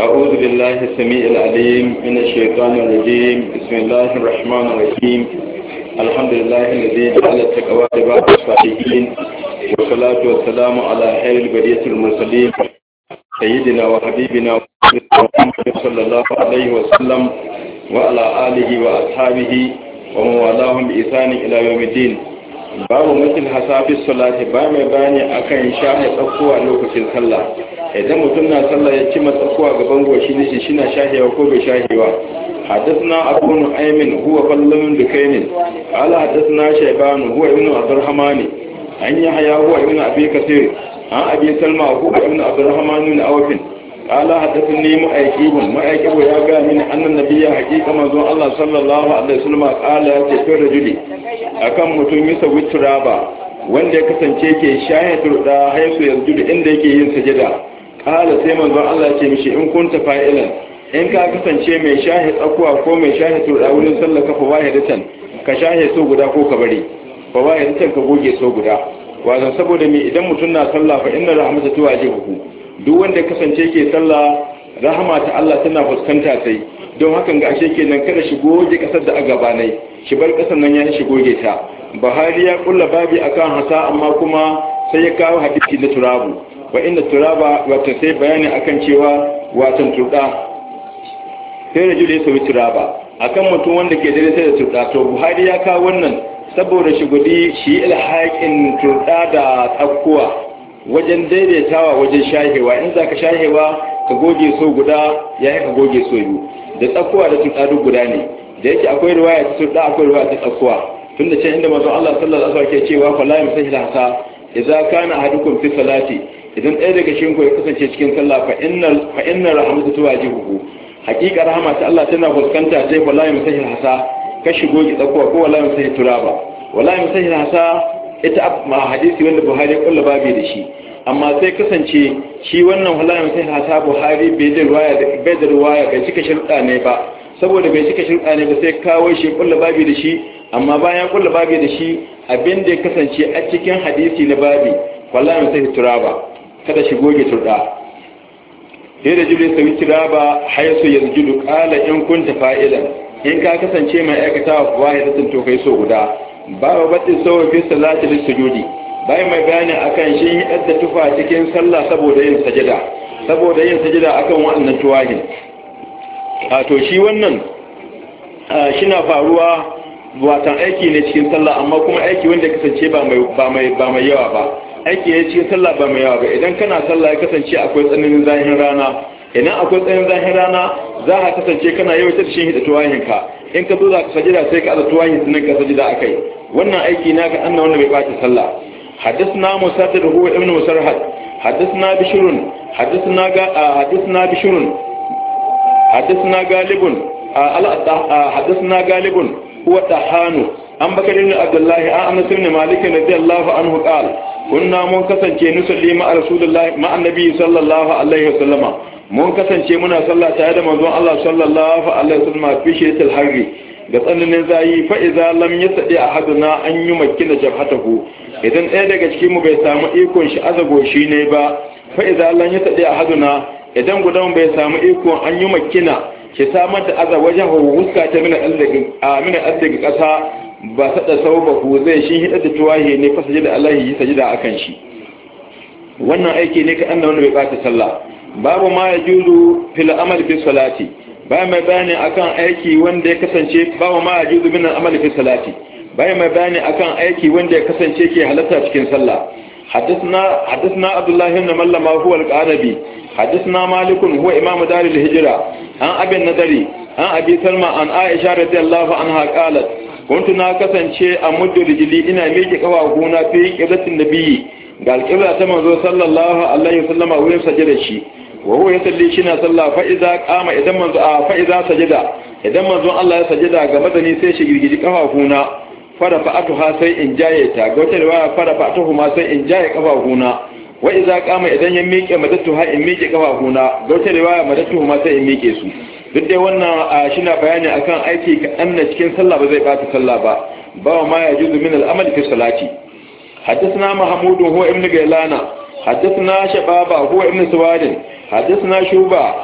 أعوذ بالله السميع العليم من الشيطان الرجيم بسم الله الرحمن الرحيم الحمد لله الذي جعل التقوى عباد الصالحين والصلاة والسلام على خير البرية المرسلين سيدنا وحبيبنا محمد صلى الله عليه وسلم وعلى آله وأصحابه ومن والاهم بإحسان إلى يوم الدين babu mutum hasafi salati ba mai bani akan shahe tsakkuwa lokacin sallah idan mutum na sallah ya cima tsakuwa gaban goshi nishi shahewa ko bai shahewa haddathna abun aymin huwa qallamun dukainin ala haddathna shaybanu huwa ibn abdurrahmani an yahya huwa ibn abi kasir an abi salma huwa ibn abdurrahmani min awfin ala haddathni mu'aqibun mu'aqibu ya ga min anna nabiyya haqiqa manzo allah sallallahu alaihi wasallam qala ya ce to rajuli akan mutum yasa wituraba wanda ya kasance ke shayatul da haifu yanzu inda yake yin sa gida. ƙala sai manzon Allah ce mishi in kunta fa'ilan in ka kasance mai shahi tsakuwa ko mai shahi tura wurin ka kafa wahidatan ka shahi so guda ko ka bari fa wahidatan ka goge so guda wazan saboda me idan mutum na sallah fa inna waje duk wanda kasance ke sallah rahama ta Allah tana fuskanta sai don hakan ga ashe kenan kada shi goge kasar da a banai shi bar kasar nan ya shi goge ta bahari ya kulla babi akan hasa amma kuma sai ya kawo hadisi na turabu wa inda turaba wata sai bayani akan cewa watan turda sai da ya sai turaba akan mutum wanda ke dare sai da turda to buhari ya kawo wannan saboda gudi shi ilhaqin turda da tsakkuwa wajen daidaitawa wajen shahewa in zaka shahewa ka goge so guda ya ka goge so biyu da tsakkuwa da turda duk guda ne da yake akwai riwaya ta turda akwai riwaya ta tsakkuwa tun da can inda manzo Allah sallallahu alaihi wasallam ke cewa fa la yamsahil hasa idza kana ahadukum fi salati idan ɗaya daga cikin ku ya kasance cikin sallah fa innal fa innar rahmatu tuwajibuhu haqiqa rahama ta Allah tana fuskanta sai wallahi musahi hasa ka shigo ki tsakuwa ko wallahi musahi turaba wallahi musahi hasa ita ma hadisi wanda Buhari ya kulla babi da shi amma sai kasance shi wannan wallahi musahi hasa Buhari bai da ruwaya da bai da ruwaya bai cika shirka ne ba saboda bai cika shirka ne ba sai kawo shi kulla babi da shi amma bayan kulla babi da shi abin da ya kasance a cikin hadisi na babi wallahi musahi turaba kada shi goge turda sai da jibril sai kira ba haisu yanzu qala in kunta fa'ilan in ka kasance mai aikata wa wahidatin to kai so guda ba ba batin sawa fi salati lisujudi bai mai bayani akan shi yadda da tufa cikin sallah saboda yin sajada saboda yin sajada akan wannan tuwahin a to shi wannan shi na faruwa watan aiki ne cikin sallah amma kuma aiki wanda kasance ba mai ba mai yawa ba aiki ya ce sallah ba mai yawa ba idan kana sallah ya kasance akwai tsananin zahirin rana idan akwai tsananin zahirin rana za ka kasance kana yau ta shin hidda ka in ka zo za ka sajida sai ka aza tuwahin sun ka sajida a kai wannan aiki na ka annan wanda bai ɓaci sallah haddasa musafir ruwa ibn musarhad haddasa na bishirun haddasa na ga haddasa na bishirun haddasa na galibun haddasa na galibun huwa ta hannu an bakar ibn abdullahi an amsa ibn malik radiyallahu anhu qala kunna mun kasance nusalli ma rasulullahi ma annabi sallallahu alaihi wasallama mun kasance muna sallah tare da manzon Allah sallallahu alaihi wasallama fi shiddatil harri ga tsananin zayi fa idza lam yasdi ahaduna an yi yumakkina jabhatahu idan ɗaya daga cikin mu bai samu ikon shi azago shi ne ba fa idza lam yasdi ahaduna idan gudan bai samu ikon an yumakkina ki samar da azabar wajen huska ta mina azzaki a mina kasa ba sada ku zai shi hidda da tuwahi ne fa sajida Allah yi sajida akan shi wannan aiki ne kadan da wani bai ɓata sallah babu ma ya juzu fil amal fi salati bayan mai bayani akan aiki wanda ya kasance babu ma ya juzu min amal fi salati ba mai bayani akan aiki wanda ya kasance ke halatta cikin sallah حدثنا حدثنا عبد الله بن ملما هو القعنبي حدثنا مالك هو امام دار الهجره عن ابي النضري عن ابي سلمى عن عائشه رضي الله عنها قالت kuntu na kasance a muddu rijili ina miƙe kafafuna fi da nabiyyi ga alƙibla ta manzo sallallahu alaihi wasallama wurin sajada shi wa huwa yusalli shi na sallah fa idza qama idan manzo fa idza sajada idan manzo Allah ya sajada ga madani sai shi girgiji kafafuna fara ha sai in jaye ta ga wata riwaya fara fa'atuhu ma sai in jaye kafafuna wa idza qama idan ya miƙe ha in miƙe kafafuna ga wata riwaya madatuhu ma sai in miƙe su duk dai wannan shi na bayani akan aiki kaɗan na cikin sallah ba zai bata sallah ba bawa ma ya ji zumin al'amali fi salati haddasa mahamudu huwa ibn gailana haddasa na shababa huwa ibn suwadin haddasa na shuba